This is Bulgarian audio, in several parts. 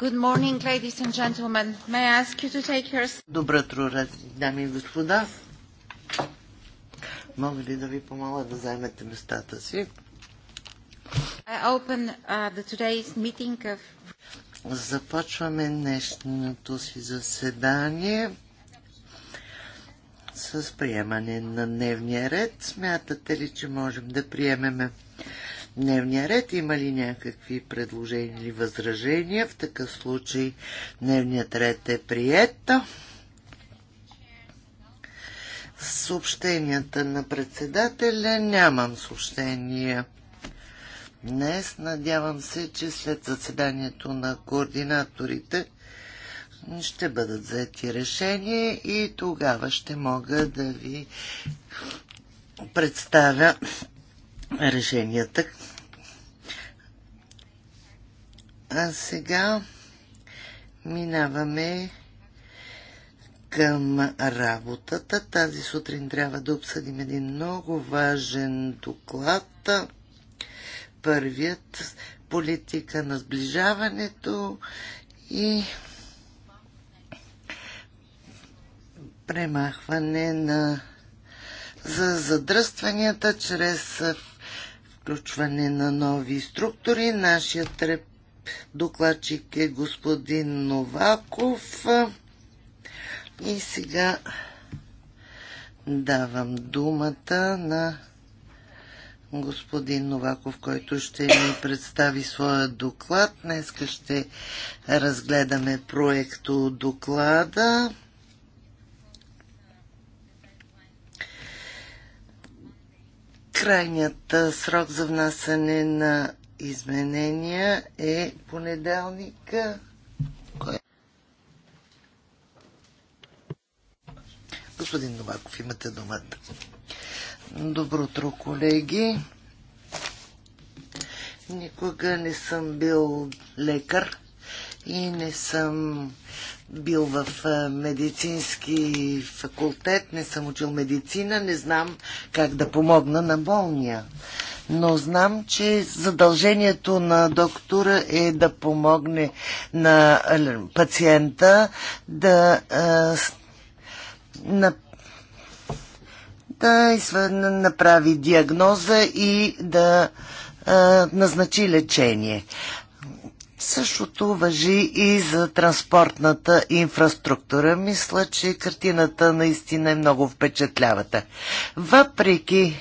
Morning, your... Добро утро, дами и господа. Мога ли да ви помоля да займете местата си? Open, uh, of... Започваме днешното си заседание с приемане на дневния ред. Смятате ли, че можем да приемеме дневния ред. Има ли някакви предложения или възражения? В такъв случай дневният ред е прият. Съобщенията на председателя нямам съобщения. Днес надявам се, че след заседанието на координаторите ще бъдат взети решения и тогава ще мога да ви представя решенията, а сега минаваме към работата. Тази сутрин трябва да обсъдим един много важен доклад. Първият политика на сближаването и премахване на за задръстванията чрез включване на нови структури. Нашият Докладчик е господин Новаков. И сега давам думата на господин Новаков, който ще ни представи своя доклад. Днес ще разгледаме проекто доклада. Крайният срок за внасяне на изменения е понеделника. Е? Господин Новаков, имате думата. Добро утро, колеги. Никога не съм бил лекар и не съм бил в медицински факултет, не съм учил медицина, не знам как да помогна на болния но знам, че задължението на доктора е да помогне на пациента да на да направи диагноза и да а, назначи лечение. Същото въжи и за транспортната инфраструктура. Мисля, че картината наистина е много впечатлявата. Въпреки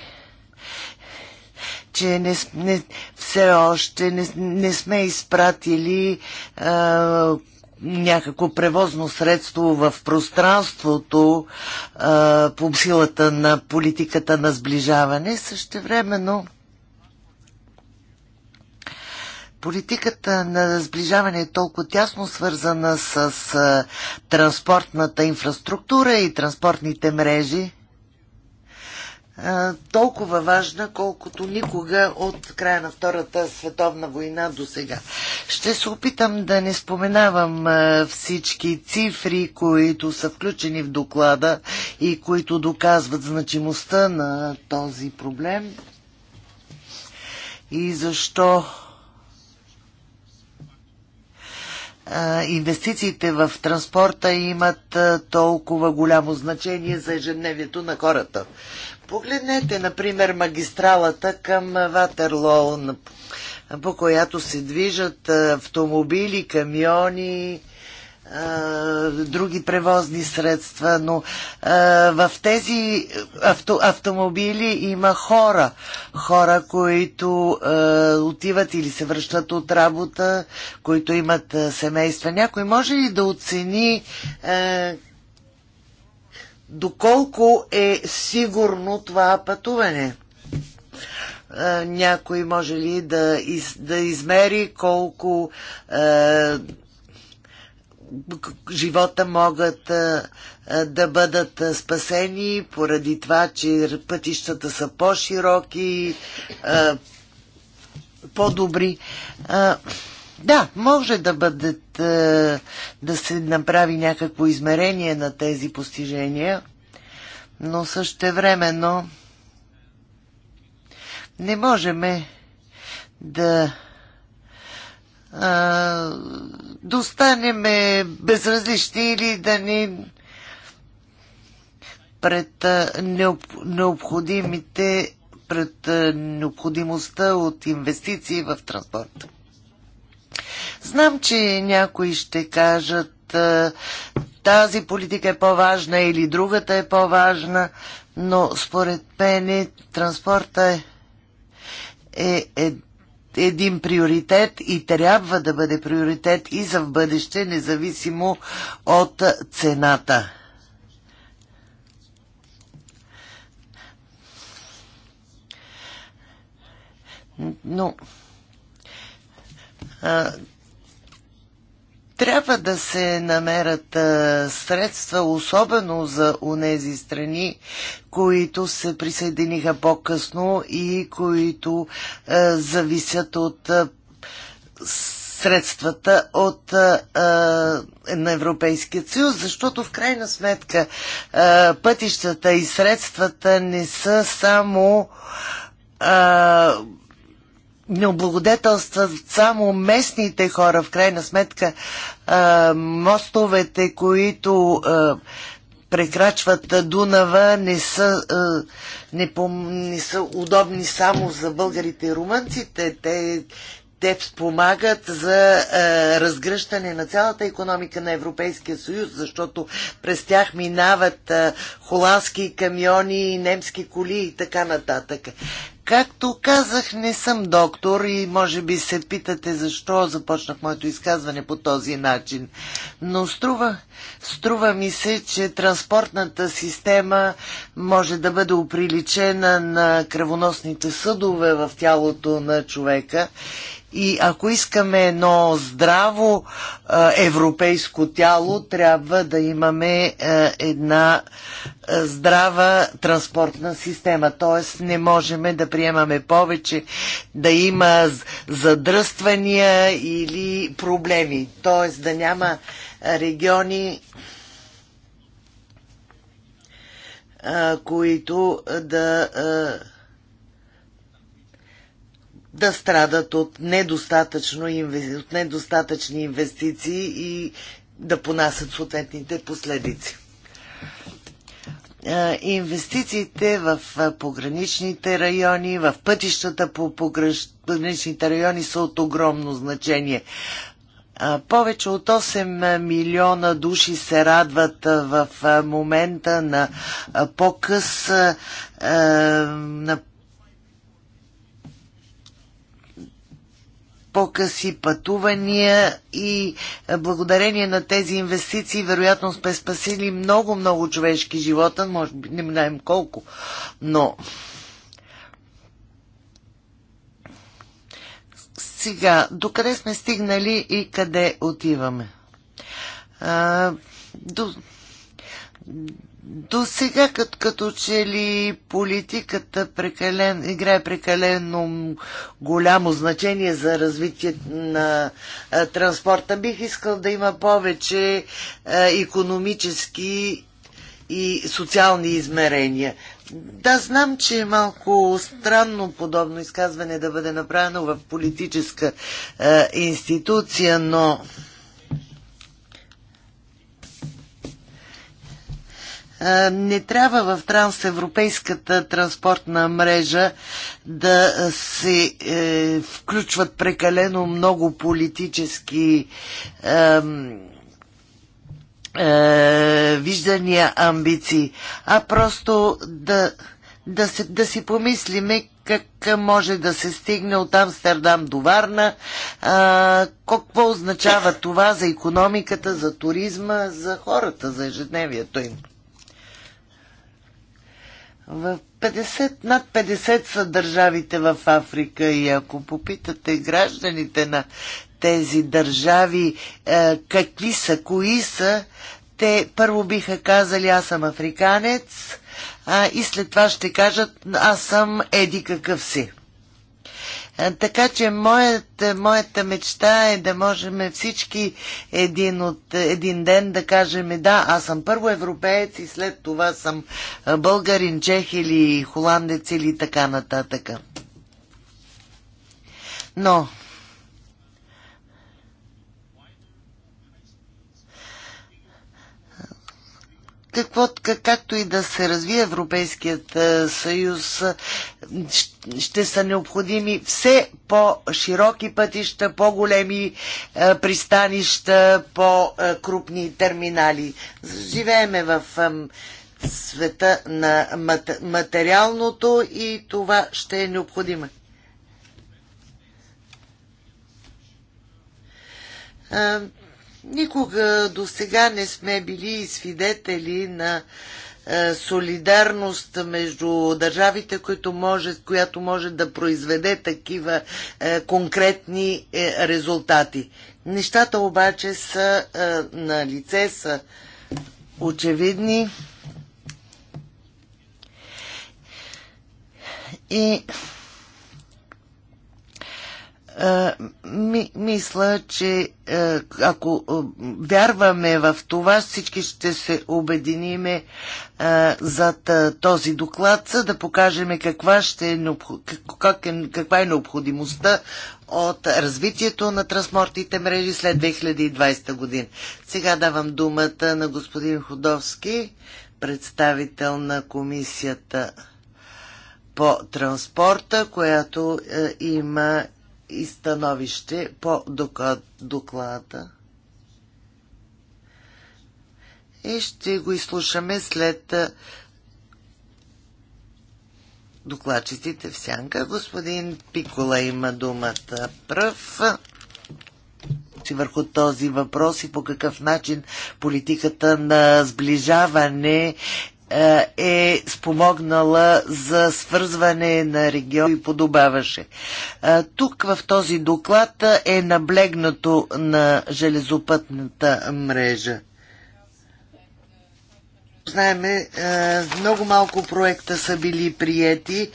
че не, не, все още не, не сме изпратили а, някакво превозно средство в пространството а, по силата на политиката на сближаване. Същевременно политиката на сближаване е толкова тясно свързана с а, транспортната инфраструктура и транспортните мрежи, е, толкова важна, колкото никога от края на Втората световна война до сега. Ще се опитам да не споменавам е, всички цифри, които са включени в доклада и които доказват значимостта на този проблем и защо инвестициите в транспорта имат толкова голямо значение за ежедневието на хората. Погледнете, например, магистралата към Ватерлоу, по която се движат автомобили, камиони, други превозни средства, но а, в тези авто, автомобили има хора. Хора, които а, отиват или се връщат от работа, които имат а, семейства. Някой може ли да оцени а, доколко е сигурно това пътуване? А, някой може ли да, из, да измери колко а, живота могат а, да бъдат спасени поради това, че пътищата са по-широки, по-добри. Да, може да бъдат, да се направи някакво измерение на тези постижения, но същевременно не можем да да останем безразлични или да ни пред необ, необходимите пред необходимостта от инвестиции в транспорт. Знам, че някои ще кажат тази политика е по-важна или другата е по-важна, но според мен транспорта е, е, е един приоритет и трябва да бъде приоритет и за в бъдеще, независимо от цената. Но а, трябва да се намерят а, средства, особено за унези страни, които се присъединиха по-късно и които а, зависят от а, средствата от а, на Европейския съюз, защото в крайна сметка а, пътищата и средствата не са само а, не облагодетелстват само местните хора, в крайна сметка а, мостовете, които а, прекрачват Дунава, не са, а, не, пом, не са удобни само за българите и румънците. Те, те спомагат за а, разгръщане на цялата економика на Европейския съюз, защото през тях минават а, холандски камиони, немски коли и така нататък. Както казах, не съм доктор и може би се питате защо започнах моето изказване по този начин. Но струва, струва ми се, че транспортната система може да бъде оприличена на кръвоносните съдове в тялото на човека и ако искаме едно здраво а, европейско тяло, трябва да имаме а, една а, здрава транспортна система. Тоест не можем да приемаме повече да има задръствания или проблеми. Тоест да няма региони, а, които да. А, да страдат от, недостатъчно, от недостатъчни инвестиции и да понасят съответните последици. Инвестициите в пограничните райони, в пътищата по пограничните райони са от огромно значение. Повече от 8 милиона души се радват в момента на по-къс на по-къси пътувания и е, благодарение на тези инвестиции вероятно сме спасили много-много човешки живота, може би не знаем колко, но сега, докъде сме стигнали и къде отиваме? А, до до сега като, като че ли политиката прекален, играе прекалено голямо значение за развитие на а, транспорта. Бих искал да има повече а, економически и социални измерения. Да, знам, че е малко странно подобно изказване да бъде направено в политическа а, институция, но... Е, не трябва в трансевропейската транспортна мрежа да се е, включват прекалено много политически е, е, виждания, амбиции, а просто да, да, се, да си помислиме как може да се стигне от Амстердам до Варна, а, какво означава това за економиката, за туризма, за хората, за ежедневието им. В 50, над 50 са държавите в Африка и ако попитате гражданите на тези държави е, какви са, кои са, те първо биха казали аз съм африканец а, и след това ще кажат аз съм еди какъв си. Е, така че моята, моята мечта е да можем всички един, от, един ден да кажем да, аз съм първо европеец и след това съм е, българин, чех или холандец или така нататък. Но какво, как, както и да се развие Европейският е, съюз, е, ще са необходими все по-широки пътища, по-големи е, пристанища, по-крупни терминали. Живееме в света на материалното и това ще е необходимо. Никога до сега не сме били свидетели на е, солидарност между държавите, които може, която може да произведе такива е, конкретни е, резултати. Нещата обаче са на лице, са очевидни. И е, ми, мисля, че е, ако е, вярваме в това, всички ще се обединиме зад този доклад, за да покажем каква, ще е, как е, каква е необходимостта от развитието на транспортните мрежи след 2020 година. Сега давам думата на господин Ходовски, представител на комисията по транспорта, която е, има и становище по доклада. И ще го изслушаме след докладчиците в сянка. Господин Пикола има думата пръв че върху този въпрос и по какъв начин политиката на сближаване е, е спомогнала за свързване на регион и подобаваше. Е, тук в този доклад е наблегнато на железопътната мрежа знаеме, е, много малко проекта са били приети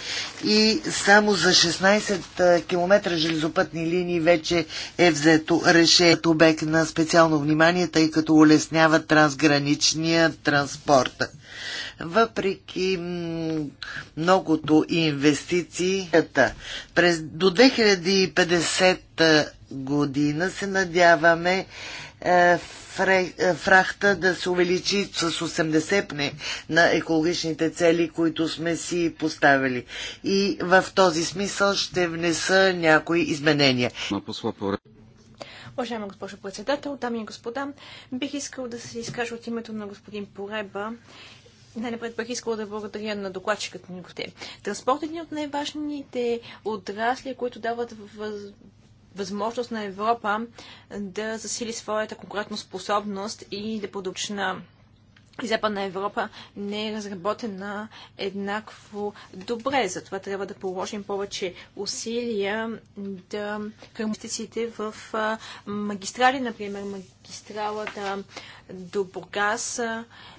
и само за 16 е, км железопътни линии вече е взето решението обект на специално внимание, тъй като улеснява трансграничния транспорт. Въпреки многото инвестицията, през, до 2050 е, година се надяваме е, е, фрахта да се увеличи с 80 на екологичните цели, които сме си поставили. И в този смисъл ще внеса някои изменения. Уважаема госпожо председател, дами и господа, бих искал да се изкажа от името на господин Пореба най-напред бих искала да благодаря на докладчиката ни Готе. Транспортът е един от най-важните отрасли, които дават въз възможност на Европа да засили своята конкретна способност и да подочна и Западна Европа не е разработена еднакво добре. Затова трябва да положим повече усилия да инвестициите в магистрали, например магистралата до Бургас,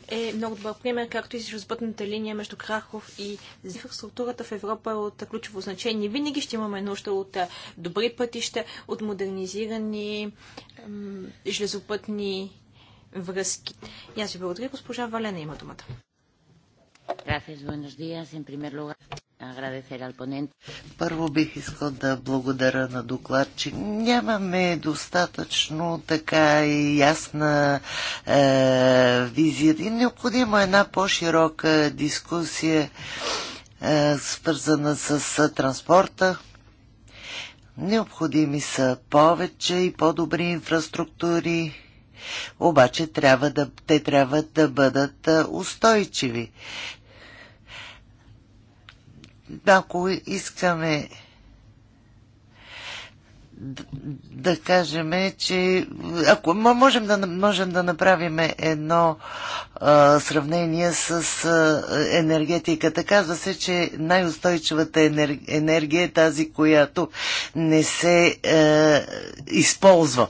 е много добър пример, както и железопътната линия между Крахов и инфраструктурата в Европа е от ключово значение. Винаги ще имаме нужда от добри пътища, от модернизирани железопътни връзки. И аз ви благодаря. Госпожа Валена има думата. Gracias, buenos días. En primer lugar, agradecer al ponente. Първо бих искал да благодаря на докладчик. Нямаме достатъчно така и ясна е, визия. И необходима е една по-широка дискусия, е, свързана с е, транспорта. Необходими са повече и по-добри инфраструктури обаче трябва да, те трябва да бъдат устойчиви. Ако искаме да кажем, че ако можем да, можем да направим едно а, сравнение с а, енергетиката. Казва се, че най-устойчивата енергия е тази, която не се а, е, използва.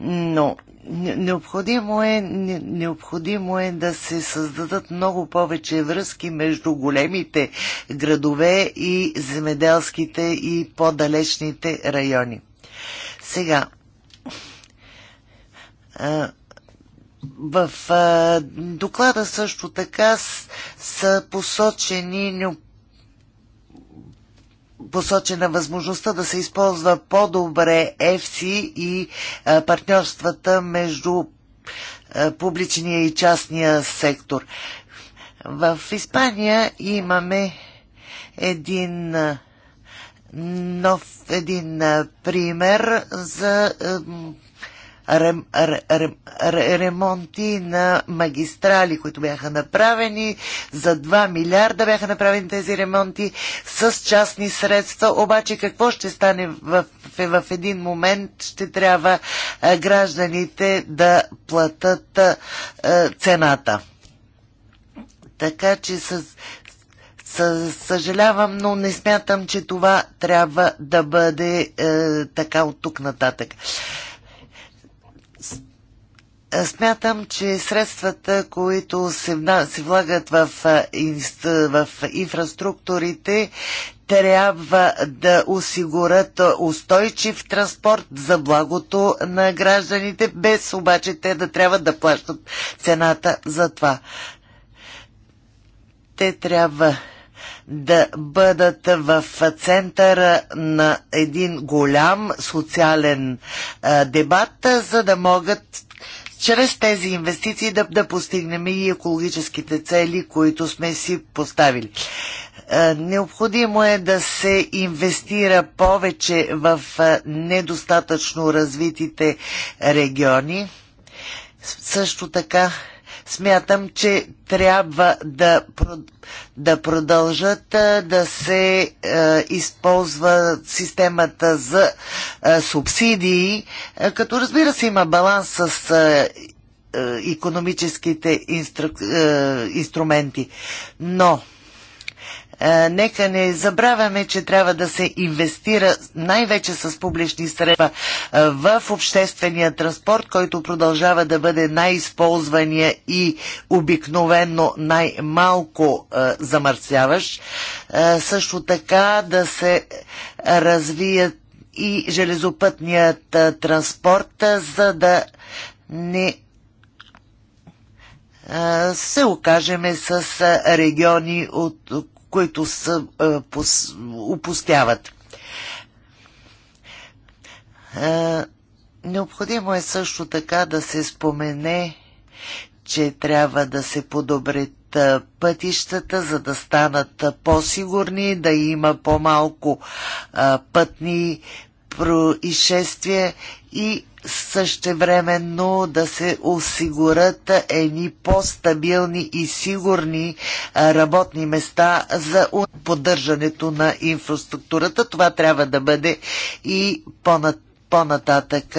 Но Необходимо е, необходимо е да се създадат много повече връзки между големите градове и земеделските и по-далечните райони. Сега, в доклада също така са посочени посочена възможността да се използва по-добре ЕФСИ и партньорствата между публичния и частния сектор. В Испания имаме един нов един пример за рем, рем, ремонти на магистрали, които бяха направени. За 2 милиарда бяха направени тези ремонти с частни средства. Обаче какво ще стане в, в, един момент? Ще трябва е, гражданите да платат е, цената. Така че с, съжалявам, но не смятам, че това трябва да бъде е, така от тук нататък. Е, смятам, че средствата, които се, се влагат в, е, в инфраструктурите, трябва да осигурят устойчив транспорт за благото на гражданите, без обаче те да трябва да плащат цената за това. Те трябва да бъдат в центъра на един голям социален а, дебат, за да могат чрез тези инвестиции да, да постигнем и екологическите цели, които сме си поставили. Необходимо е да се инвестира повече в недостатъчно развитите региони. Също така смятам, че трябва да, да продължат да се е, използва системата за е, субсидии, като разбира се има баланс с е, економическите инстру, е, инструменти. Но е, нека не забравяме, че трябва да се инвестира най-вече с публични средства е, в обществения транспорт, който продължава да бъде най-използвания и обикновенно най-малко е, замърсяващ. Също така да се развият и железопътният транспорт, за да не се окажеме с региони, от които са, а, е, пос, упустяват. А, е, необходимо е също така да се спомене, че трябва да се подобрят е, пътищата, за да станат по-сигурни, да има по-малко пътни происшествия и същевременно да се осигурят едни по-стабилни и сигурни работни места за поддържането на инфраструктурата. Това трябва да бъде и по-нататък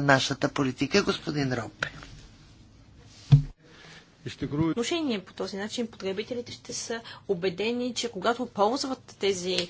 нашата политика. Господин Ропе отношение по този начин потребителите ще са убедени, че когато ползват тези е,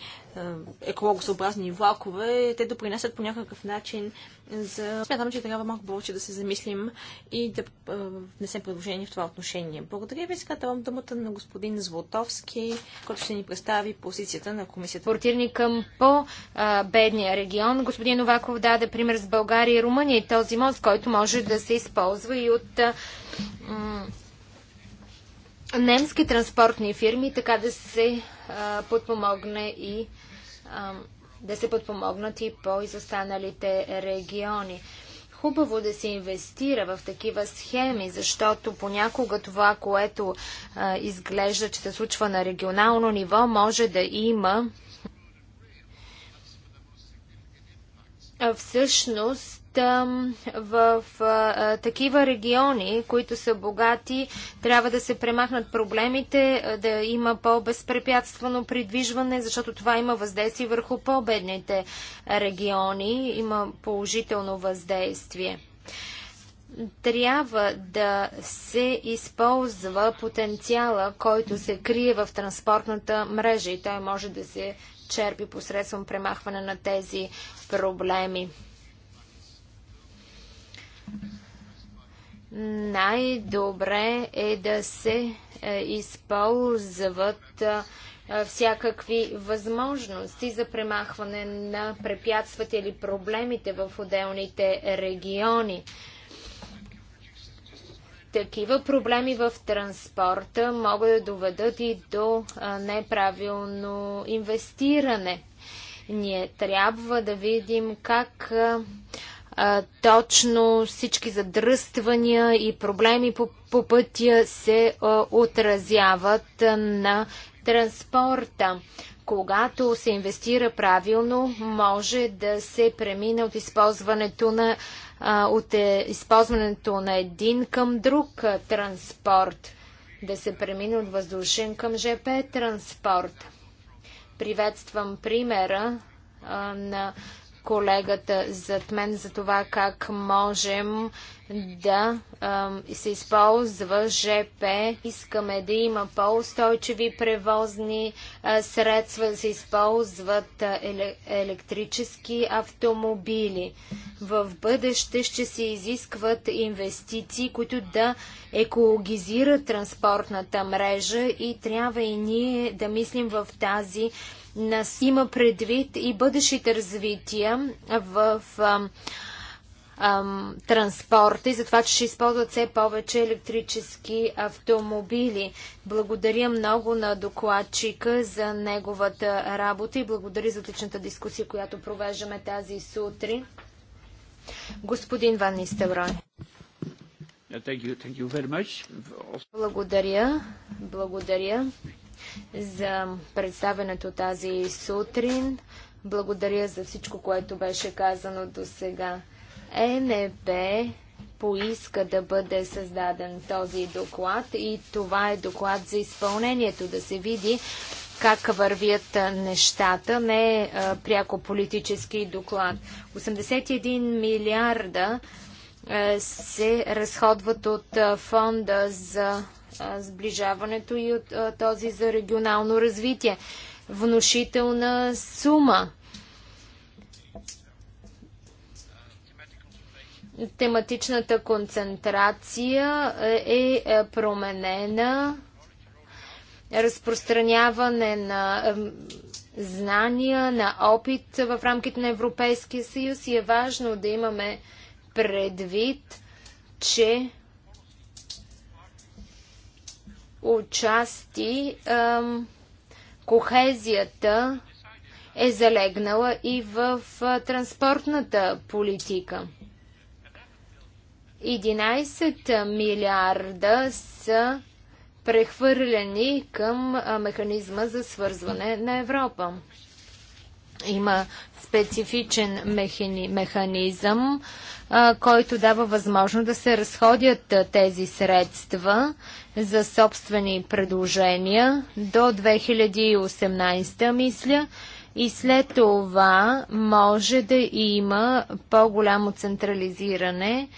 екологосъобразни влакове, те допринасят по някакъв начин за... Смятам, че трябва малко повече да се замислим и да е, внесем предложение в това отношение. Благодаря ви. Сега давам думата на господин Златовски, който ще ни представи позицията на комисията. Портирни към по-бедния регион. Господин Новаков даде пример с България и Румъния и този мост, който може да се използва и от е, немски транспортни фирми, така да се а, подпомогне и а, да се подпомогнат и по-изостаналите региони. Хубаво да се инвестира в такива схеми, защото понякога това, което а, изглежда, че се случва на регионално ниво, може да има всъщност в а, такива региони, които са богати, трябва да се премахнат проблемите, да има по-безпрепятствено придвижване, защото това има въздействие върху по-бедните региони, има положително въздействие. Трябва да се използва потенциала, който се крие в транспортната мрежа и той може да се черпи посредством премахване на тези проблеми най-добре е да се е, използват е, е, всякакви възможности за премахване на препятствата или проблемите в отделните региони. Такива проблеми в транспорта могат да доведат и до неправилно инвестиране. Ние трябва да видим как точно всички задръствания и проблеми по, по пътя се а, отразяват а, на транспорта. Когато се инвестира правилно, може да се премине от използването на, а, от е, използването на един към друг а, транспорт, да се премине от въздушен към ЖП транспорт. Приветствам примера а, на колегата зад мен за това как можем да ам, се използва ЖП. Искаме да има по-устойчиви превозни а, средства, да се използват а, еле, електрически автомобили. В бъдеще ще се изискват инвестиции, които да екологизират транспортната мрежа и трябва и ние да мислим в тази нас има предвид и бъдещите развития в Ам, транспорта и за това, че ще използват все повече електрически автомобили. Благодаря много на докладчика за неговата работа и благодаря за отличната дискусия, която провеждаме тази сутрин. Господин Ван Нистелрой. Благодаря. Благодаря за представенето тази сутрин. Благодаря за всичко, което беше казано до сега. ЕНБ поиска да бъде създаден този доклад и това е доклад за изпълнението, да се види как вървят нещата, не е пряко политически доклад. 81 милиарда се разходват от фонда за сближаването и от този за регионално развитие. Внушителна сума. тематичната концентрация е, е променена. Разпространяване на знания, на опит в рамките на Европейския съюз и е важно да имаме предвид, че Участи ем, кохезията е залегнала и в е, транспортната политика. 11 милиарда са прехвърлени към механизма за свързване на Европа. Има специфичен механизъм, който дава възможност да се разходят тези средства за собствени предложения до 2018, мисля, и след това може да има по-голямо централизиране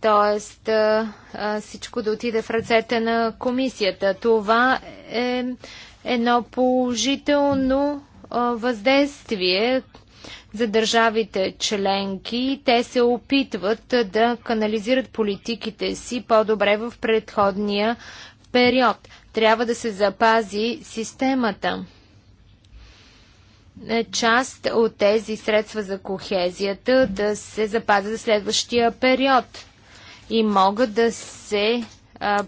Тоест всичко да отиде в ръцете на комисията. Това е едно положително въздействие за държавите членки. Те се опитват да канализират политиките си по-добре в предходния период. Трябва да се запази системата. Е, част от тези средства за кохезията да се запазят за следващия период и могат да се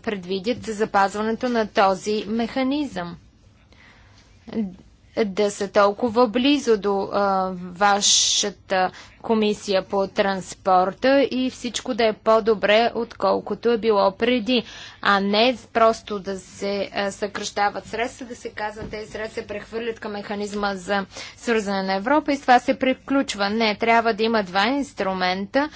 предвидят за запазването на този механизъм да са толкова близо до а, вашата комисия по транспорта и всичко да е по-добре, отколкото е било преди. А не просто да се а, съкръщават средства, да се казва, тези средства се прехвърлят към механизма за свързане на Европа и с това се приключва. Не, трябва да има два инструмента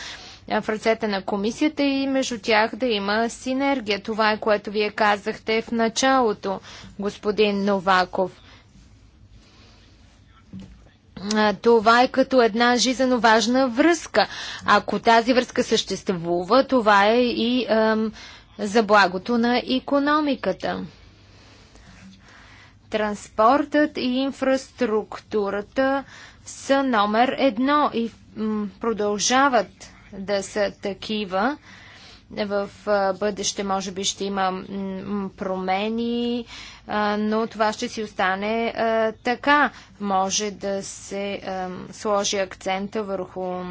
в ръцете на комисията и между тях да има синергия. Това е което вие казахте в началото, господин Новаков това е като една жизненно важна връзка. Ако тази връзка съществува, това е и ем, за благото на економиката. Транспортът и инфраструктурата са номер едно и продължават да са такива. В бъдеще може би ще има промени, но това ще си остане така. Може да се сложи акцента върху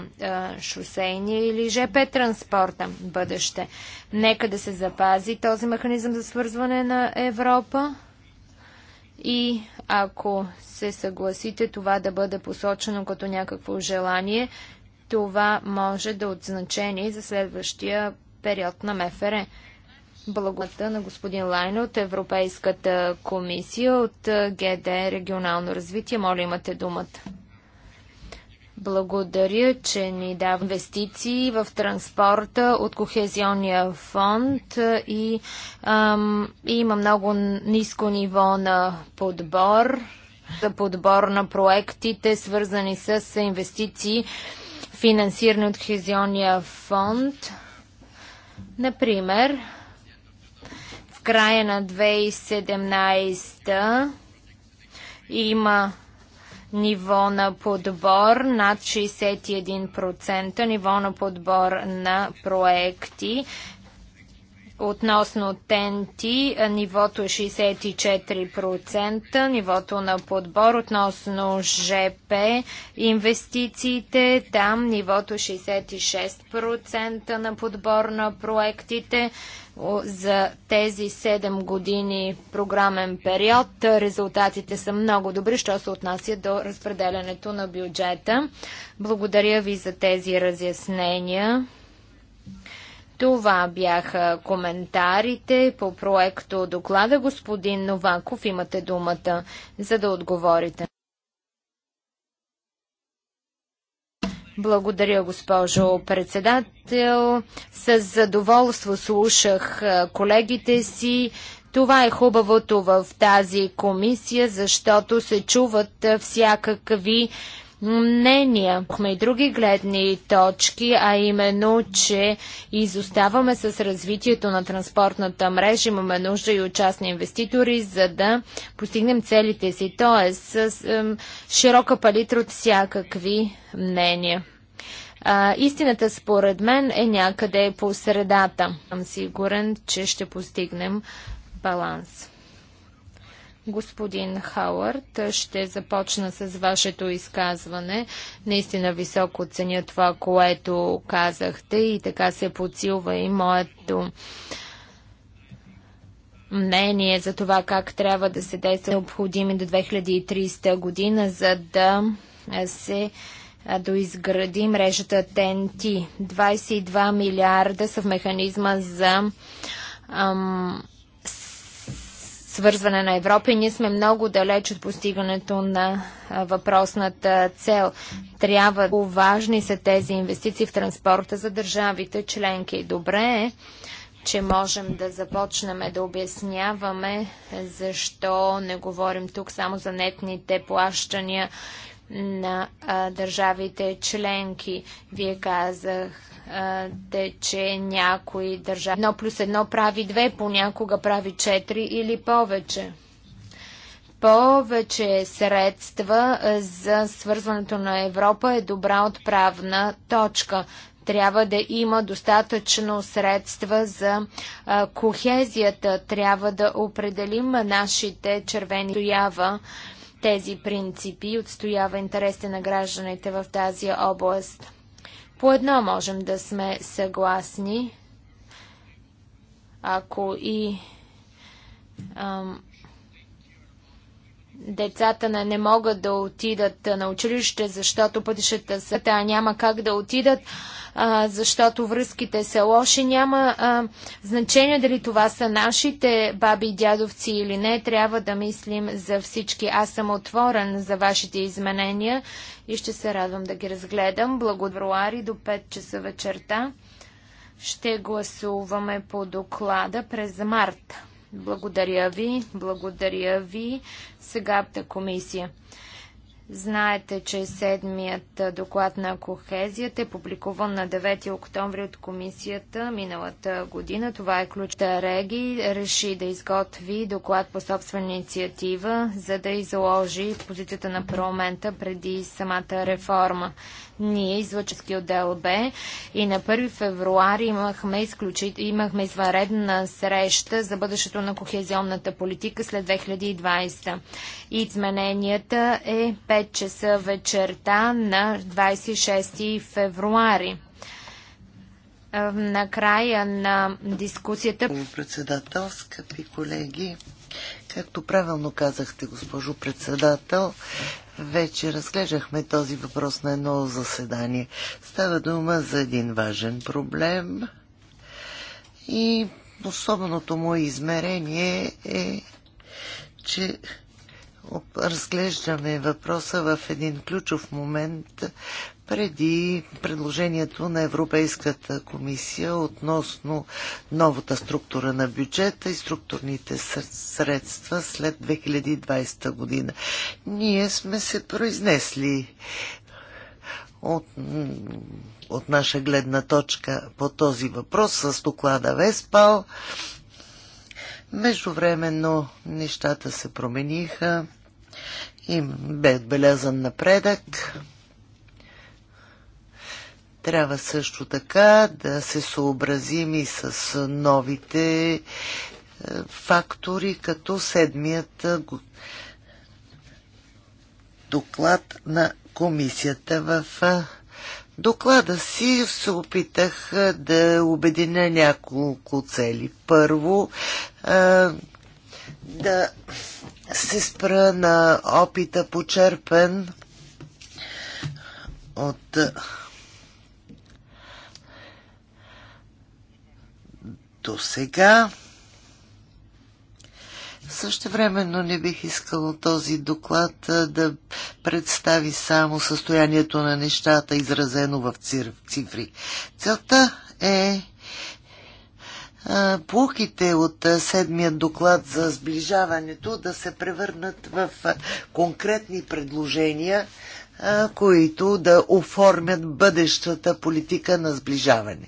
шосейния или ЖП транспорта в бъдеще. Нека да се запази този механизъм за свързване на Европа. И ако се съгласите това да бъде посочено като някакво желание, това може да отзначение за следващия период на МФР. Благодата на господин Лайно от Европейската комисия от ГД Регионално развитие. Моля, имате думата. Благодаря, че ни дава инвестиции в транспорта от Кохезионния фонд и, ам, и има много ниско ниво на подбор, за подбор на проектите, свързани с инвестиции, финансирани от Кохезионния фонд. Например, в края на 2017 има ниво на подбор над 61%, ниво на подбор на проекти. Относно тенти, нивото е 64%, нивото на подбор относно ЖП, инвестициите, там нивото 66% е на подбор на проектите за тези 7 години програмен период. Резултатите са много добри, що се отнася до разпределянето на бюджета. Благодаря ви за тези разяснения. Това бяха коментарите по проекто доклада. Господин Новаков, имате думата, за да отговорите. Благодаря, госпожо председател. С задоволство слушах е, колегите си. Това е хубавото в тази комисия, защото се чуват е, всякакви мнения. Имахме и други гледни точки, а именно, че изоставаме с развитието на транспортната мрежа. Имаме нужда и от частни инвеститори, за да постигнем целите си. Тоест, с широка палитра от всякакви мнения. А, истината според мен е някъде по средата. Съм сигурен, че ще постигнем баланс. Господин Хауърд, ще започна с вашето изказване. Наистина високо ценя това, което казахте и така се подсилва и моето мнение за това как трябва да се действа необходими до 2300 година, за да се доизгради мрежата ТНТ. 22 милиарда са в механизма за ам, свързване на Европа и ние сме много далеч от постигането на въпросната цел. Трябва важни са тези инвестиции в транспорта за държавите членки. Добре е, че можем да започнем да обясняваме защо не говорим тук само за нетните плащания на а, държавите членки. Вие казах, че някои държави. Едно плюс едно прави две, понякога прави четири или повече. Повече средства за свързването на Европа е добра отправна точка. Трябва да има достатъчно средства за а, кохезията. Трябва да определим нашите червени стоява тези принципи и отстоява интересите на гражданите в тази област. По едно можем да сме съгласни, ако и ам, Децата не, не могат да отидат на училище, защото пътищата са а няма как да отидат, а, защото връзките са лоши. Няма а, значение дали това са нашите баби и дядовци или не. Трябва да мислим за всички. Аз съм отворен за вашите изменения и ще се радвам да ги разгледам. Благодаруари до 5 часа вечерта. Ще гласуваме по доклада през март. Благодаря ви, благодаря ви, сегапта комисия. Знаете, че седмият доклад на Кохезията е публикуван на 9 октомври от комисията миналата година. Това е ключта Реги. Реши да изготви доклад по собствена инициатива, за да изложи позицията на парламента преди самата реформа ние, излъчески отдел Б, и на 1 февруари имахме, изключи... имахме извънредна среща за бъдещето на кохезионната политика след 2020. измененията е 5 часа вечерта на 26 февруари. Е, накрая на дискусията. Председател, скъпи колеги, Както правилно казахте, госпожо председател, вече разглеждахме този въпрос на едно заседание. Става дума за един важен проблем и особеното му измерение е, че разглеждаме въпроса в един ключов момент преди предложението на Европейската комисия относно новата структура на бюджета и структурните средства след 2020 година. Ние сме се произнесли от, от наша гледна точка по този въпрос с доклада Веспал. Междувременно нещата се промениха и бе отбелязан напредък. Трябва също така да се съобразим и с новите е, фактори, като седмият е, доклад на комисията в е, доклада си се опитах да обединя няколко цели. Първо, да се спра на опита почерпен от до сега. Също времено не бих искал този доклад да представи само състоянието на нещата, изразено в цифри. Целта е Полуките от седмия доклад за сближаването да се превърнат в конкретни предложения които да оформят бъдещата политика на сближаване.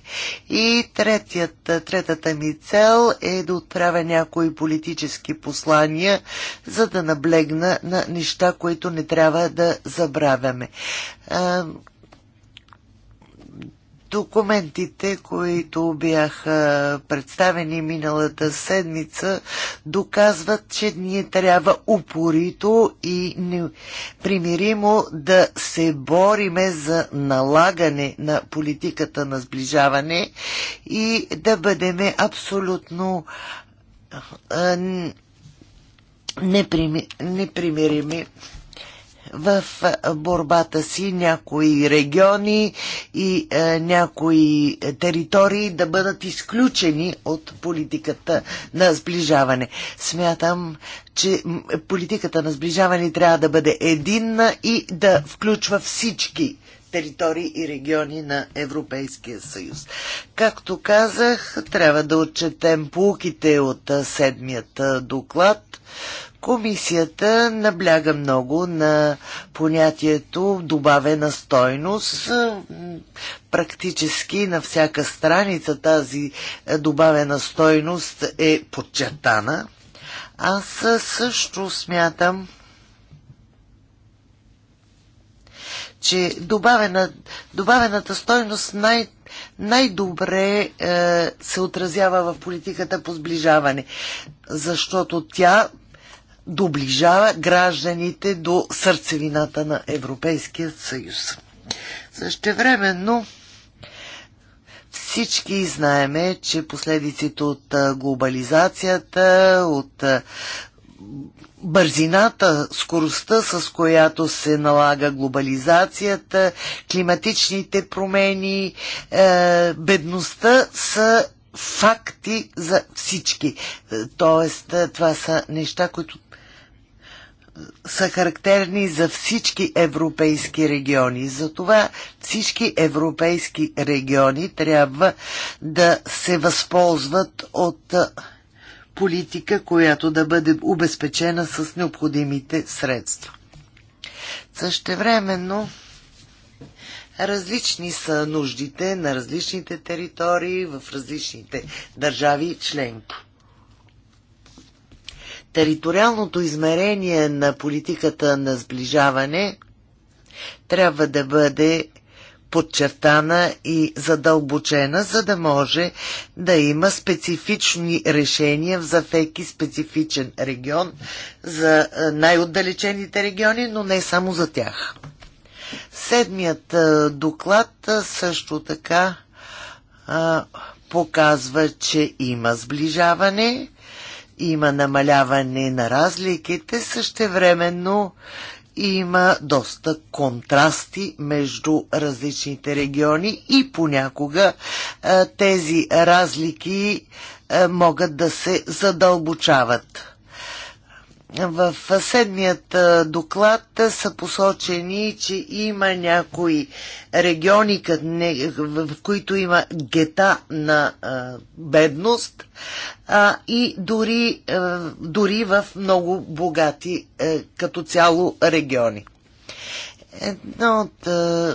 И третият, третата ми цел е да отправя някои политически послания, за да наблегна на неща, които не трябва да забравяме. Документите, които бяха представени миналата седмица, доказват, че ние трябва упорито и примиримо да се бориме за налагане на политиката на сближаване и да бъдеме абсолютно непримирими в борбата си някои региони и е, някои територии да бъдат изключени от политиката на сближаване. Смятам, че политиката на сближаване трябва да бъде единна и да включва всички територии и региони на Европейския съюз. Както казах, трябва да отчетем полуките от седмият доклад, Комисията набляга много на понятието добавена стойност. Практически на всяка страница тази добавена стойност е подчертана. Аз също смятам, че добавена, добавената стойност най- най-добре е, се отразява в политиката по сближаване, защото тя доближава гражданите до сърцевината на Европейския съюз. Същевременно всички знаеме, че последиците от глобализацията, от бързината, скоростта, с която се налага глобализацията, климатичните промени, е, бедността са факти за всички. Е, тоест, е, това са неща, които е, са характерни за всички европейски региони. Затова всички европейски региони трябва да се възползват от политика, която да бъде обезпечена с необходимите средства. Същевременно, Различни са нуждите на различните територии в различните държави членки. Териториалното измерение на политиката на сближаване трябва да бъде подчертана и задълбочена, за да може да има специфични решения за всеки специфичен регион, за най-отдалечените региони, но не само за тях. Седмият доклад също така показва, че има сближаване, има намаляване на разликите, същевременно има доста контрасти между различните региони и понякога тези разлики могат да се задълбочават. В седмият доклад са посочени, че има някои региони, в които има гета на бедност и дори, дори в много богати е, като цяло региони. Една от,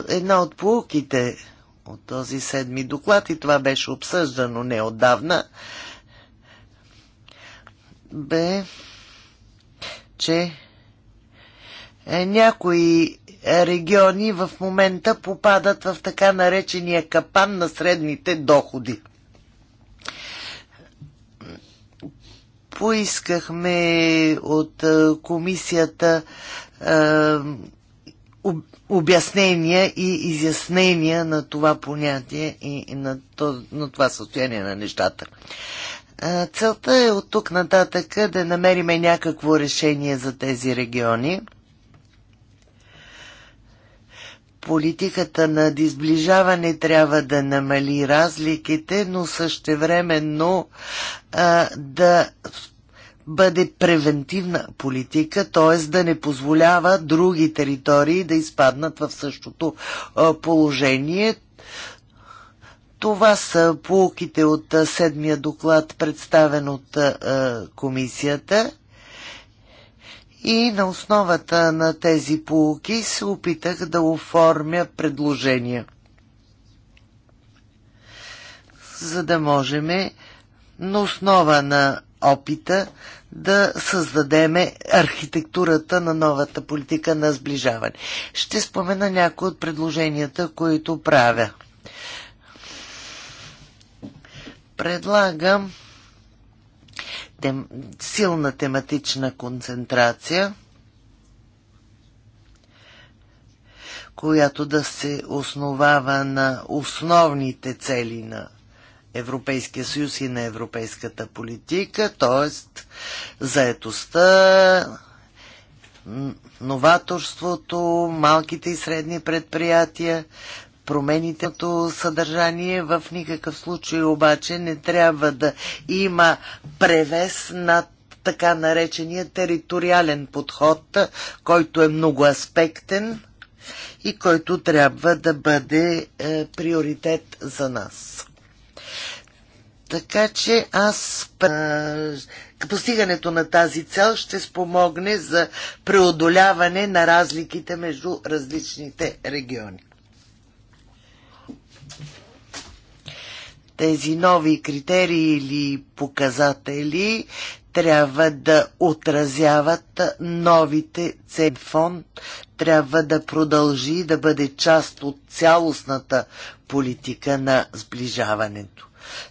една от полуките от този седми доклад, и това беше обсъждано неодавна, бе че е, някои региони в момента попадат в така наречения капан на средните доходи. Поискахме от е, комисията е, обяснения и изяснения на това понятие и на, то, на това състояние на нещата. Целта е от тук нататък да намериме някакво решение за тези региони. Политиката на дисближаване трябва да намали разликите, но същевременно а, да бъде превентивна политика, т.е. да не позволява други територии да изпаднат в същото положение. Това са полуките от седмия доклад, представен от комисията. И на основата на тези полуки се опитах да оформя предложения, за да можем на основа на опита да създадеме архитектурата на новата политика на сближаване. Ще спомена някои от предложенията, които правя. Предлагам тем, силна тематична концентрация, която да се основава на основните цели на Европейския съюз и на европейската политика, т.е. заетостта, новаторството, малките и средни предприятия, промените.то съдържание в никакъв случай обаче не трябва да има превес над така наречения териториален подход, който е многоаспектен и който трябва да бъде е, приоритет за нас. Така че аз е, постигането на тази цел ще спомогне за преодоляване на разликите между различните региони. тези нови критерии или показатели трябва да отразяват новите цели. Фонд трябва да продължи да бъде част от цялостната политика на сближаването.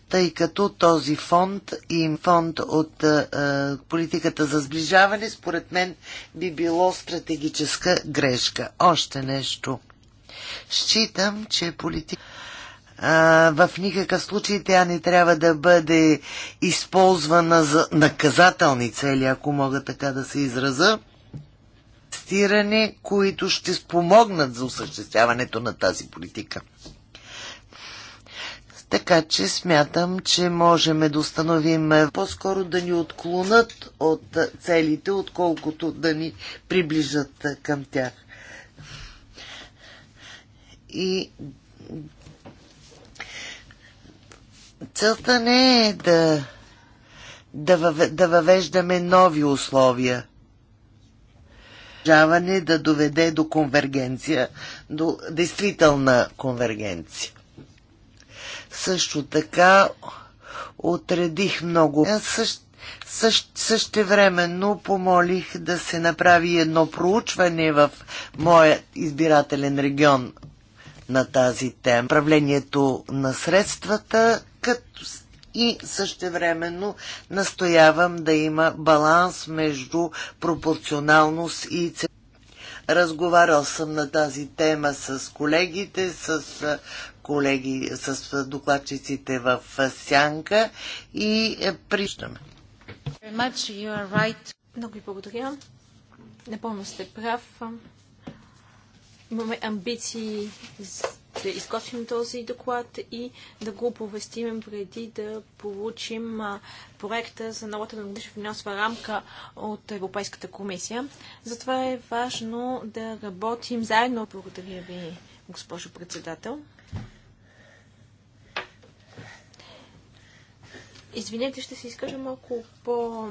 Тъй като този фонд и фонд от е, политиката за сближаване, според мен, би било стратегическа грешка. Още нещо. Считам, че политиката в никакъв случай тя не трябва да бъде използвана за наказателни цели, ако мога така да се израза. Стиране, които ще спомогнат за осъществяването на тази политика. Така че смятам, че можем да установим е, по-скоро да ни отклонат от целите, отколкото да ни приближат е, към тях. И Целта не е да, да, във, да въвеждаме нови условия. Жаване да доведе до конвергенция, до действителна конвергенция. Също така отредих много. Също също, времено помолих да се направи едно проучване в моя избирателен регион на тази тема. Правлението на средствата като и същевременно настоявам да има баланс между пропорционалност и цел. Разговарял съм на тази тема с колегите, с колеги, с докладчиците в Сянка и е, прищаме. Right. Много ви благодаря. Напълно сте прав. Имаме амбиции да изготвим този доклад и да го оповестим преди да получим проекта за новата многогодишна финансова рамка от Европейската комисия. Затова е важно да работим заедно. Благодаря ви, госпожо председател. Извинете, ще се изкажа малко по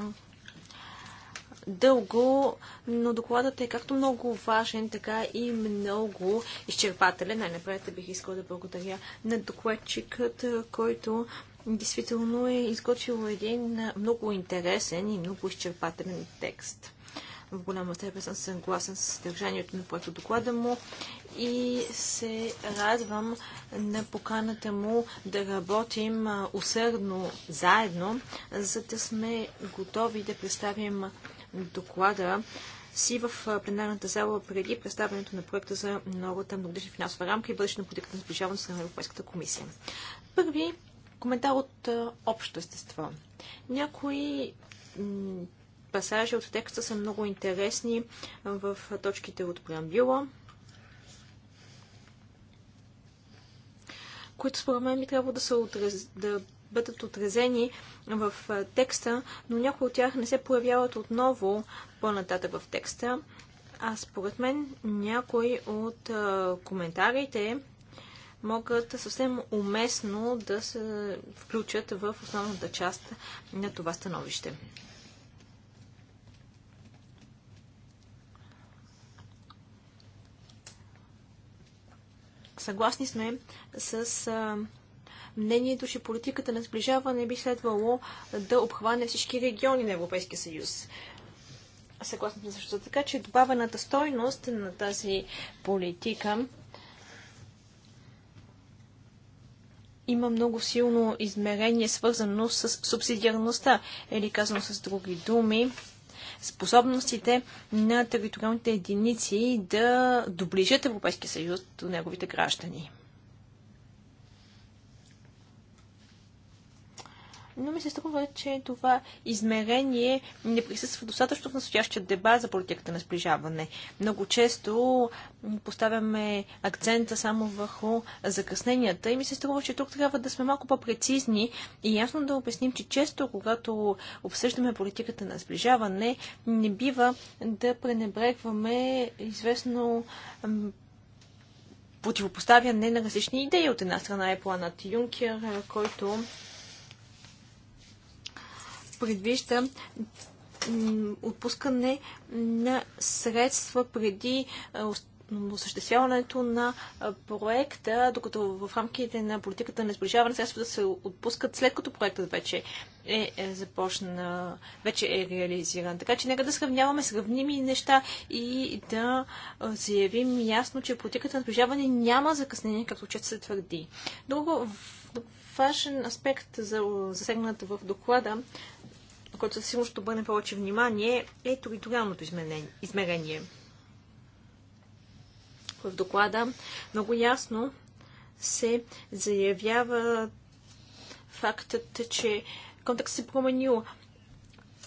дълго, но докладът е както много важен, така и много изчерпателен. Най-напред бих искал да благодаря на докладчикът, който действително е изготвил един много интересен и много изчерпателен текст. В голяма степен съм съгласен с съдържанието на проекто доклада му и се радвам на поканата му да работим усърдно заедно, за да сме готови да представим доклада си в пленарната зала преди представянето на проекта за новата многодишна финансова рамка и бъдещето на политиката на сближаване на Европейската комисия. Първи коментар от общо естество. Някои пасажи от текста са много интересни в точките от преамбюла, които според мен би трябвало да се отраз... да бъдат отразени в текста, но някои от тях не се появяват отново по-нататък в текста. А според мен някои от коментарите могат съвсем уместно да се включат в основната част на това становище. Съгласни сме с мнението, че политиката на сближаване би следвало да обхване всички региони на Европейския съюз. Съгласна съм също така, че добавената стойност на тази политика има много силно измерение, свързано с субсидиарността, или казано с други думи, способностите на териториалните единици да доближат Европейския съюз до неговите граждани. но ми се струва, че това измерение не присъства достатъчно в настоящия дебат за политиката на сближаване. Много често поставяме акцента само върху закъсненията и ми се струва, че тук трябва да сме малко по-прецизни и ясно да обясним, че често, когато обсъждаме политиката на сближаване, не бива да пренебрегваме известно противопоставяне на различни идеи. От една страна е планът Юнкер, който предвижда отпускане на средства преди осъществяването на проекта, докато в рамките на политиката на сближаване средства да се отпускат след като проектът вече е, е, започна, вече е реализиран. Така че нека да сравняваме сравними неща и да заявим ясно, че политиката на сближаване няма закъснение, както че се твърди. Друго важен аспект, засегнат в доклада, на който със сигурност ще бъде повече внимание, е териториалното измерение. В доклада много ясно се заявява фактът, че контекстът се е променил.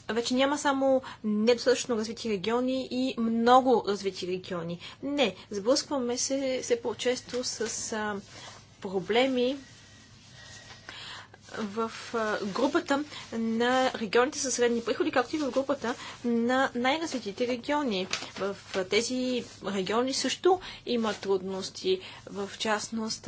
Вече няма само недостатъчно развити региони и много развити региони. Не, сблъскваме се все по-често с проблеми, в групата на регионите със средни приходи, както и в групата на най-развитите региони. В тези региони също има трудности, в частност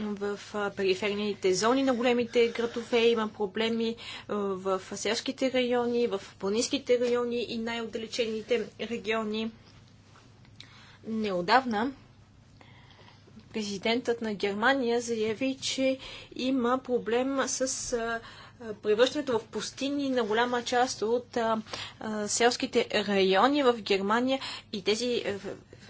в периферните зони на големите градове, има проблеми в селските райони, в планинските райони и най-отдалечените региони. Неодавна президентът на Германия заяви, че има проблем с превръщането в пустини на голяма част от селските райони в Германия и тези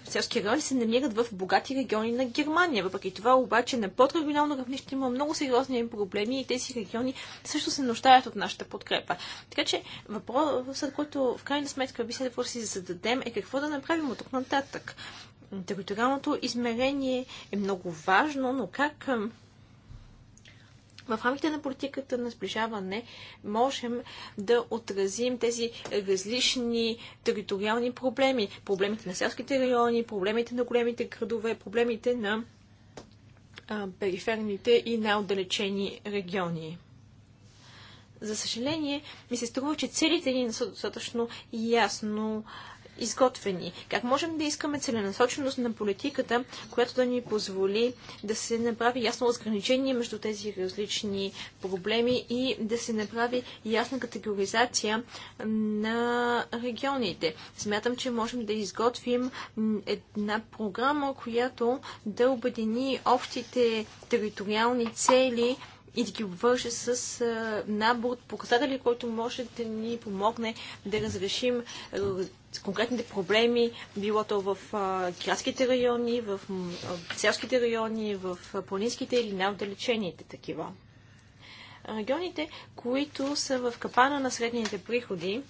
селски райони се намират в богати региони на Германия. Въпреки това обаче на подрегионално равнище има много сериозни проблеми и тези региони също се нуждаят от нашата подкрепа. Така че въпросът, който в крайна сметка би следвало да си зададем е какво да направим от тук нататък. Териториалното измерение е много важно, но как в рамките на политиката на сближаване можем да отразим тези различни териториални проблеми. Проблемите на селските райони, проблемите на големите градове, проблемите на а, периферните и най-отдалечени региони. За съжаление, ми се струва, че целите ни са достатъчно ясно изготвени? Как можем да искаме целенасоченост на политиката, която да ни позволи да се направи ясно разграничение между тези различни проблеми и да се направи ясна категоризация на регионите? Смятам, че можем да изготвим една програма, която да обедини общите териториални цели и да ги обвържа с набор от показатели, който може да ни помогне да разрешим конкретните проблеми, било то в градските райони, в селските райони, в планинските или най-отдалечените такива. Регионите, които са в капана на средните приходи,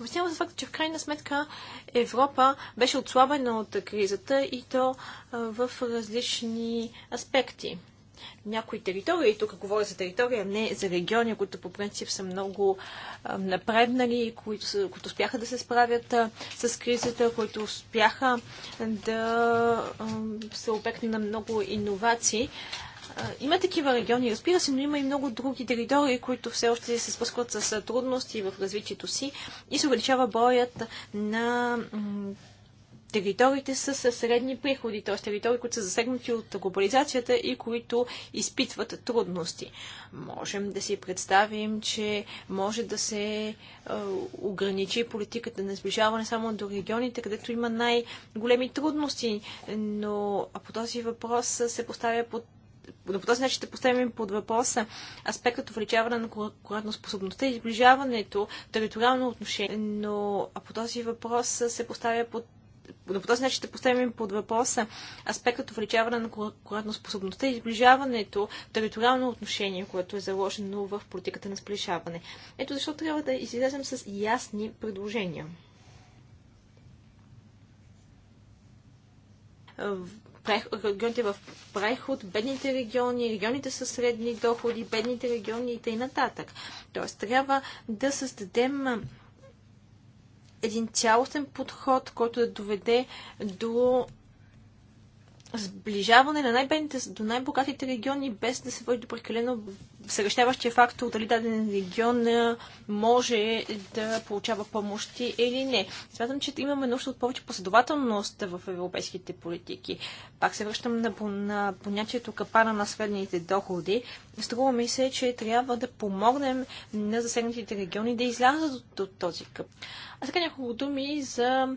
обяснява за факта, че в крайна сметка Европа беше отслабена от кризата и то в различни аспекти. Някои територии, тук говоря за територия, не за региони, които по принцип са много напреднали, които, са, които успяха да се справят с кризата, които успяха да се обект на много иновации. Има такива региони, разбира се, но има и много други територии, които все още се спускват с трудности в развитието си и се увеличава броят на териториите с средни приходи, т.е. територии, които са засегнати от глобализацията и които изпитват трудности. Можем да си представим, че може да се е, ограничи политиката на сближаване само до регионите, където има най-големи трудности, но по този въпрос се поставя под да по този начин ще поставим под въпроса аспектът увеличаване на конкурентоспособността и сближаването в териториално отношение, но а по този въпрос се поставя под да по този начин ще поставим под въпроса аспектът увеличаване на конкурентоспособността и сближаването в териториално отношение, което е заложено в политиката на сближаване. Ето защо трябва да излезем с ясни предложения регионите в преход, бедните региони, регионите със средни доходи, бедните региони и т.н. Тоест, трябва да създадем един цялостен подход, който да доведе до сближаване на най-бедните до най-богатите региони, без да се води до прекалено съгъщаващия фактор дали даден регион може да получава помощи или не. Смятам, че имаме нужда от повече последователност в европейските политики. Пак се връщам на, на понятието капана на средните доходи. Струва ми се, че трябва да помогнем на засегнатите региони да излязат от, от този къп. А сега няколко думи за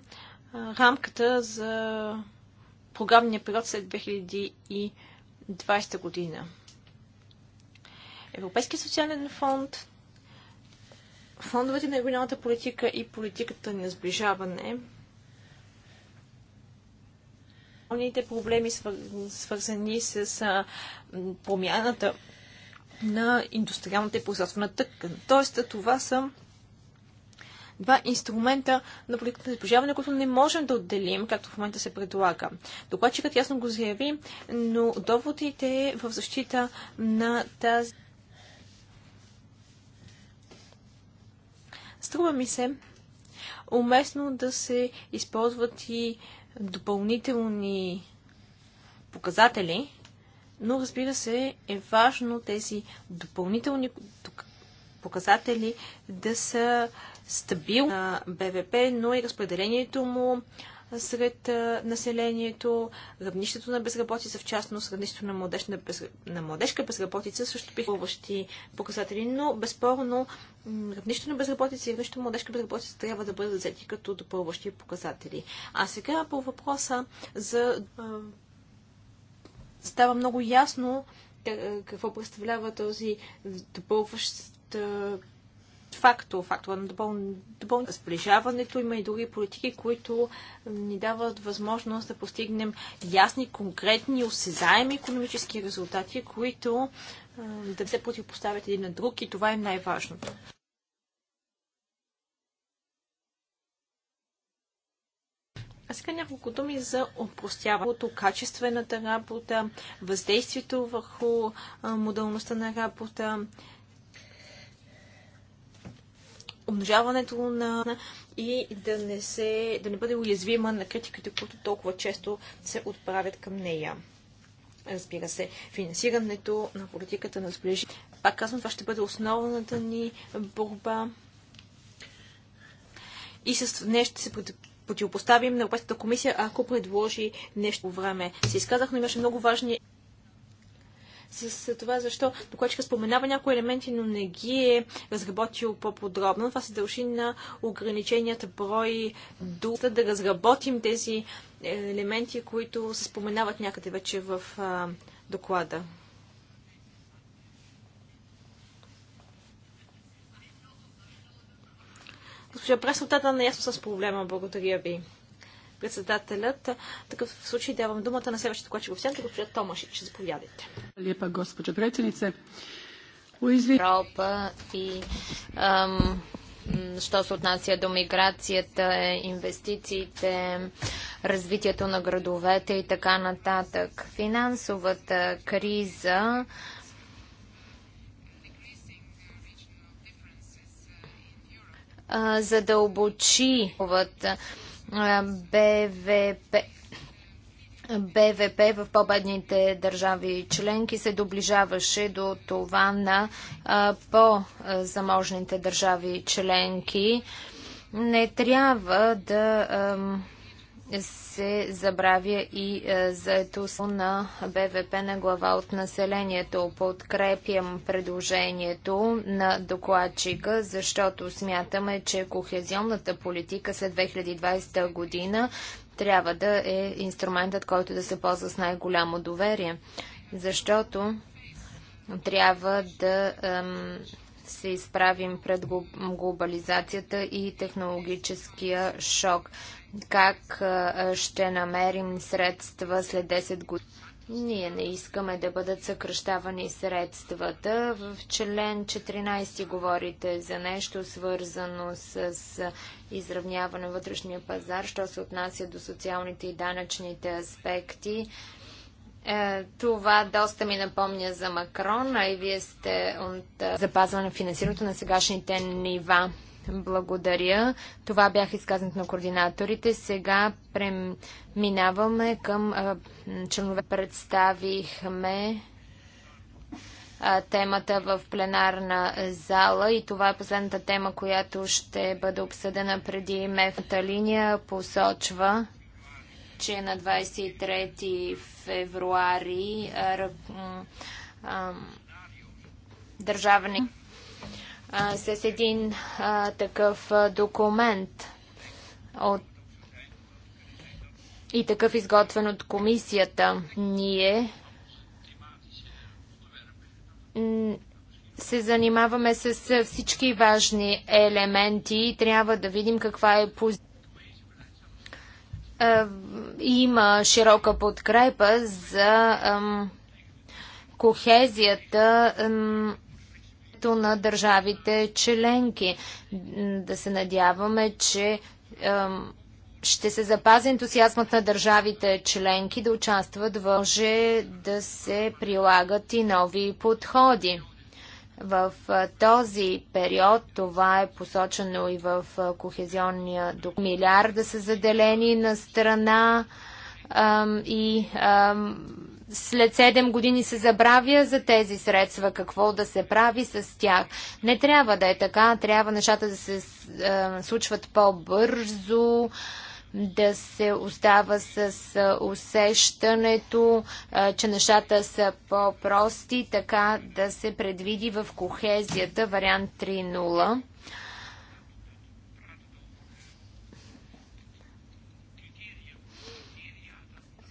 а, рамката за програмния период след 2020 година. Европейския социален фонд, фондовете на регионалната политика и политиката на сближаване, основните проблеми, свързани с промяната на индустриалната и производствена тъкан. Тоест, това са два инструмента на политиката на сближаване, които не можем да отделим, както в момента се предлага. Докладчикът ясно го заяви, но доводите в защита на тази. Струва ми се уместно да се използват и допълнителни показатели, но разбира се е важно тези допълнителни показатели да са стабил на БВП, но и разпределението му сред населението, равнището на безработица, в частност равнището на, младеж, на, без, на младежка безработица, също пихуващи показатели, но безспорно равнището на безработица и равнището на младежка безработица трябва да бъдат взети като допълващи показатели. А сега по въпроса за... Става много ясно какво представлява този допълващ факто, фактора на допълнително допъл... сближаването. Има и други политики, които ни дават възможност да постигнем ясни, конкретни, осезаеми економически резултати, които да се противопоставят един на друг и това е най-важното. А сега няколко думи за опростяването, качествената работа, въздействието върху модалността на работа, умножаването на и да не, се, да не бъде уязвима на критиките, които толкова често се отправят към нея. Разбира се, финансирането на политиката на сближи. Пак казвам, това ще бъде основната ни борба. И с днес ще се противопоставим на Европейската комисия, ако предложи нещо време. Се изказах, но имаше много важни с това защо докладчика споменава някои елементи, но не ги е разработил по-подробно. Това се дължи на ограниченията брой духа да разработим тези е, елементи, които се споменават някъде вече в а, доклада. Госпожа Пресотата, наясно с проблема. Благодаря ви председателят. В такъв случай давам думата на следващата коче го сянка, госпожа Томашич. Ще заповядайте. Лепа, госпожа председнице. Европа и ам, що се отнася до миграцията, инвестициите, развитието на градовете и така нататък. Финансовата криза задълбочи БВП. БВП в по-бедните държави членки се доближаваше до това на по-заможните държави членки. Не трябва да се забравя и е, заетост на БВП на глава от населението. Подкрепям предложението на докладчика, защото смятаме, че кохезионната политика след 2020 година трябва да е инструментът, който да се ползва с най-голямо доверие, защото трябва да се изправим пред глобализацията и технологическия шок как ще намерим средства след 10 години. Ние не искаме да бъдат съкръщавани средствата. В член 14 говорите за нещо свързано с изравняване вътрешния пазар, що се отнася до социалните и данъчните аспекти. Е, това доста ми напомня за Макрон, а и вие сте от запазване на финансирането на сегашните нива. Благодаря. Това бях изказаното на координаторите. Сега преминаваме към членове. Представихме темата в пленарна зала и това е последната тема, която ще бъде обсъдена преди мефната линия. Посочва че на 23 февруари държавни а, с един а, такъв документ от и такъв изготвен от комисията. Ние се занимаваме с всички важни елементи и трябва да видим каква е позиция. Има широка подкрепа за ем, кохезията ем, лицето на държавите членки. Да се надяваме, че ще се запази ентусиазмът на държавите членки да участват в може да се прилагат и нови подходи. В е, този период, това е посочено и в е, кохезионния документ, милиарда са заделени на страна и след 7 години се забравя за тези средства, какво да се прави с тях. Не трябва да е така, трябва нещата да се е, случват по-бързо, да се остава с е, усещането, е, че нещата са по-прости, така да се предвиди в кохезията вариант 3.0.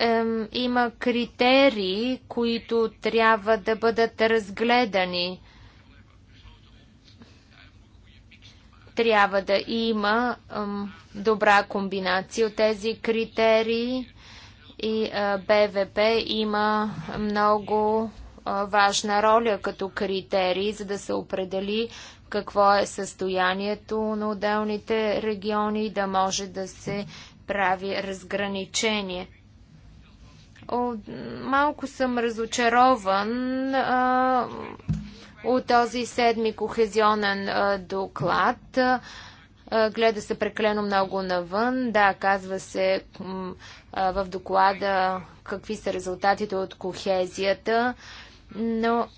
ем, има критерии, които трябва да бъдат разгледани. Трябва да има ем, добра комбинация от тези критерии и е, БВП има много е, важна роля като критерии, за да се определи какво е състоянието на отделните региони и да може да се прави разграничение малко съм разочарован а, от този седми кохезионен а, доклад. гледа се прекалено много навън. Да, казва се в доклада какви са резултатите от кохезията, но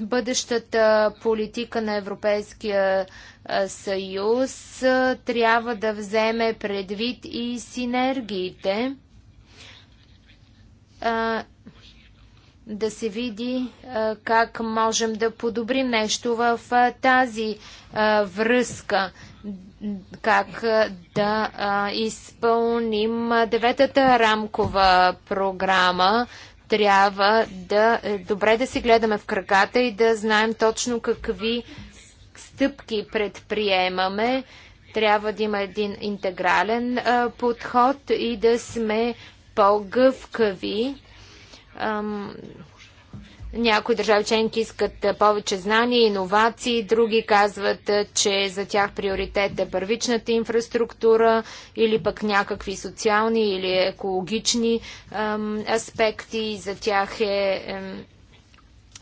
бъдещата политика на Европейския съюз трябва да вземе предвид и синергиите да се види как можем да подобрим нещо в тази връзка, как да изпълним деветата рамкова програма. Трябва да е, добре да си гледаме в краката и да знаем точно какви стъпки предприемаме. Трябва да има един интегрален подход и да сме по-гъвкави. Някои държави членки искат повече знания, иновации, други казват, че за тях приоритет е първичната инфраструктура или пък някакви социални или екологични аспекти, аспекти. За тях е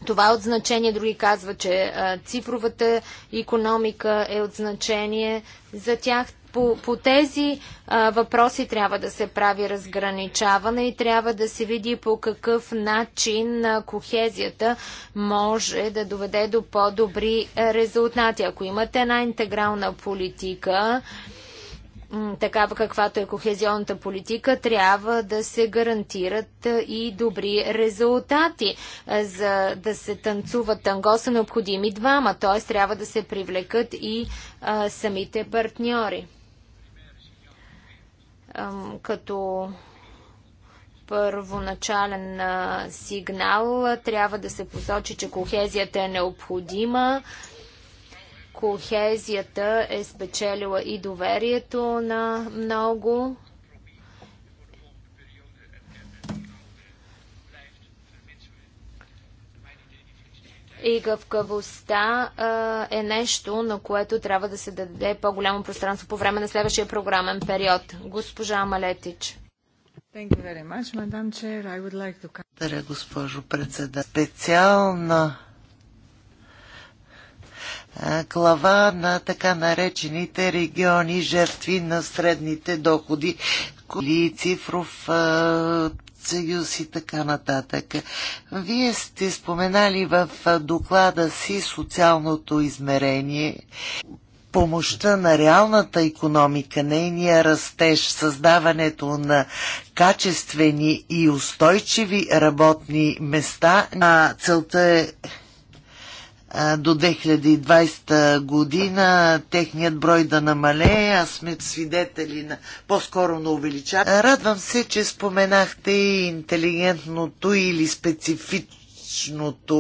това е от значение. Други казват, че цифровата економика е от значение за тях по, по тези а, въпроси трябва да се прави разграничаване и трябва да се види по какъв начин а, кохезията може да доведе до по-добри резултати. Ако имате една интегрална политика, такава каквато е кохезионната политика, трябва да се гарантират и добри резултати. За да се танцува танго са необходими двама, т.е. трябва да се привлекат и а, самите партньори като първоначален сигнал трябва да се посочи, че кохезията е необходима. Кохезията е спечелила и доверието на много и гъвкавостта а, е нещо, на което трябва да се даде по-голямо пространство по време на следващия програмен период. Госпожа Малетич. Благодаря, like to... госпожо председател. Специална глава на така наречените региони жертви на средните доходи или цифров съюз и така нататък. Вие сте споменали в доклада си социалното измерение, помощта на реалната економика, нейния растеж, създаването на качествени и устойчиви работни места. А целта е до 2020 година техният брой да намалее, а сме свидетели на по-скоро на увеличаване. Радвам се, че споменахте и интелигентното или специфичното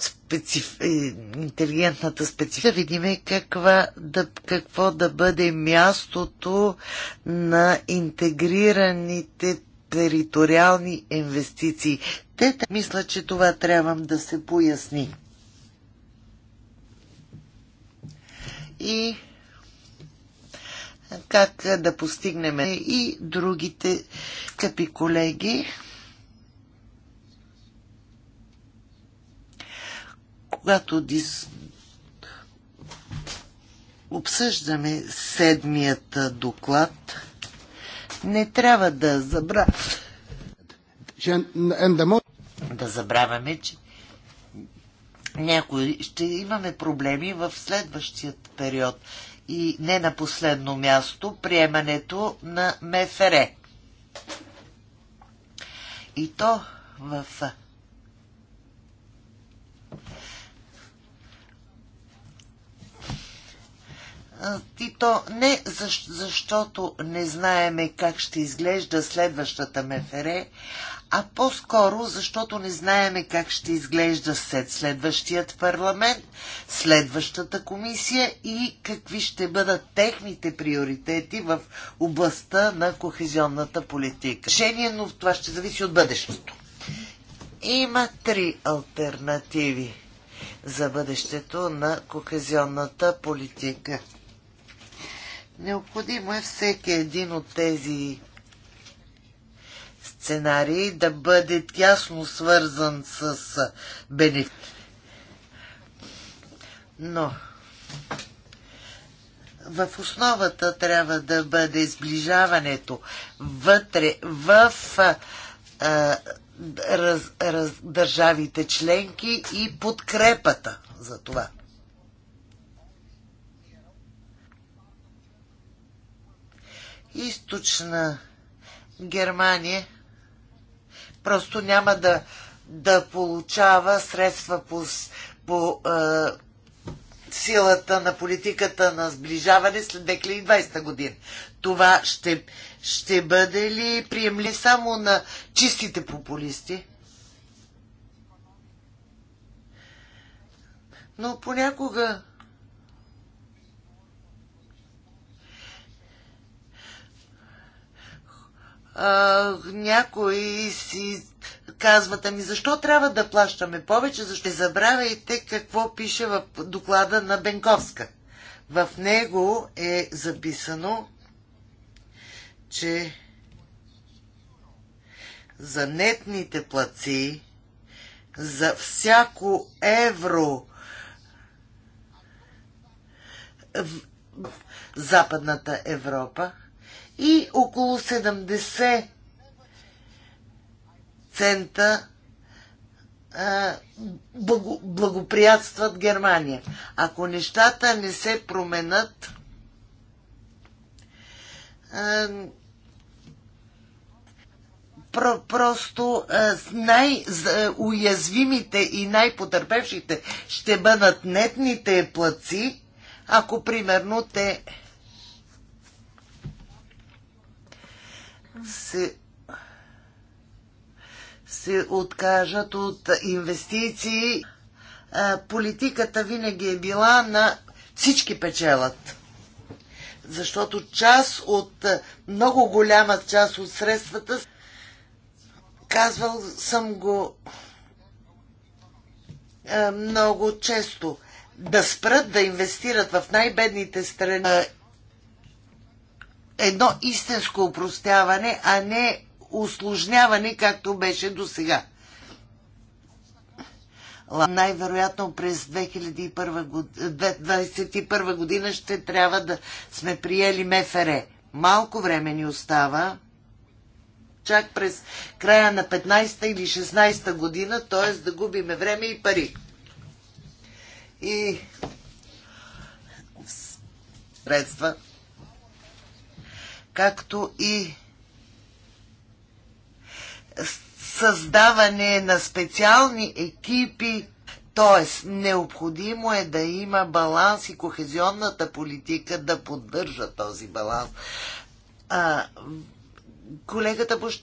специф... интелигентната специфика. Да видим каква, да, какво да бъде мястото на интегрираните териториални инвестиции данните. Мисля, че това трябва да се поясни. И как да постигнем и другите скъпи колеги, когато дис... обсъждаме седмият доклад, не трябва да забравяме да забравяме, че някои ще имаме проблеми в следващият период. И не на последно място приемането на МФР. И то в И то не защото не знаеме как ще изглежда следващата МФР, а по-скоро, защото не знаеме как ще изглежда след следващият парламент, следващата комисия и какви ще бъдат техните приоритети в областта на кохезионната политика. Решение, но това ще зависи от бъдещето. Има три альтернативи за бъдещето на кохезионната политика. Необходимо е всеки един от тези сценарий да бъде тясно свързан с бенефит. Но в основата трябва да бъде сближаването вътре в а, раз, раз, държавите членки и подкрепата за това. Източна Германия просто няма да, да получава средства по, по е, силата на политиката на сближаване след 2020 година. Това ще, ще бъде ли приемли само на чистите популисти? Но понякога а, някои си казват, ами защо трябва да плащаме повече, защо не забравяйте какво пише в доклада на Бенковска. В него е записано, че за нетните плаци за всяко евро в Западната Европа и около 70 цента благоприятстват Германия. Ако нещата не се променят, просто най-уязвимите и най-потърпевшите ще бъдат нетните плаци, ако примерно те се се откажат от инвестиции. Политиката винаги е била на всички печелят. Защото част от, много голяма част от средствата, казвал съм го много често, да спрат да инвестират в най-бедните страни едно истинско упростяване, а не усложняване, както беше до сега. Най-вероятно през 2021 година, 2021 година ще трябва да сме приели МФР. Малко време ни остава. Чак през края на 15-та или 16-та година, т.е. да губиме време и пари. И средства както и създаване на специални екипи, т.е. необходимо е да има баланс и кохезионната политика да поддържа този баланс. А, колегата Бощи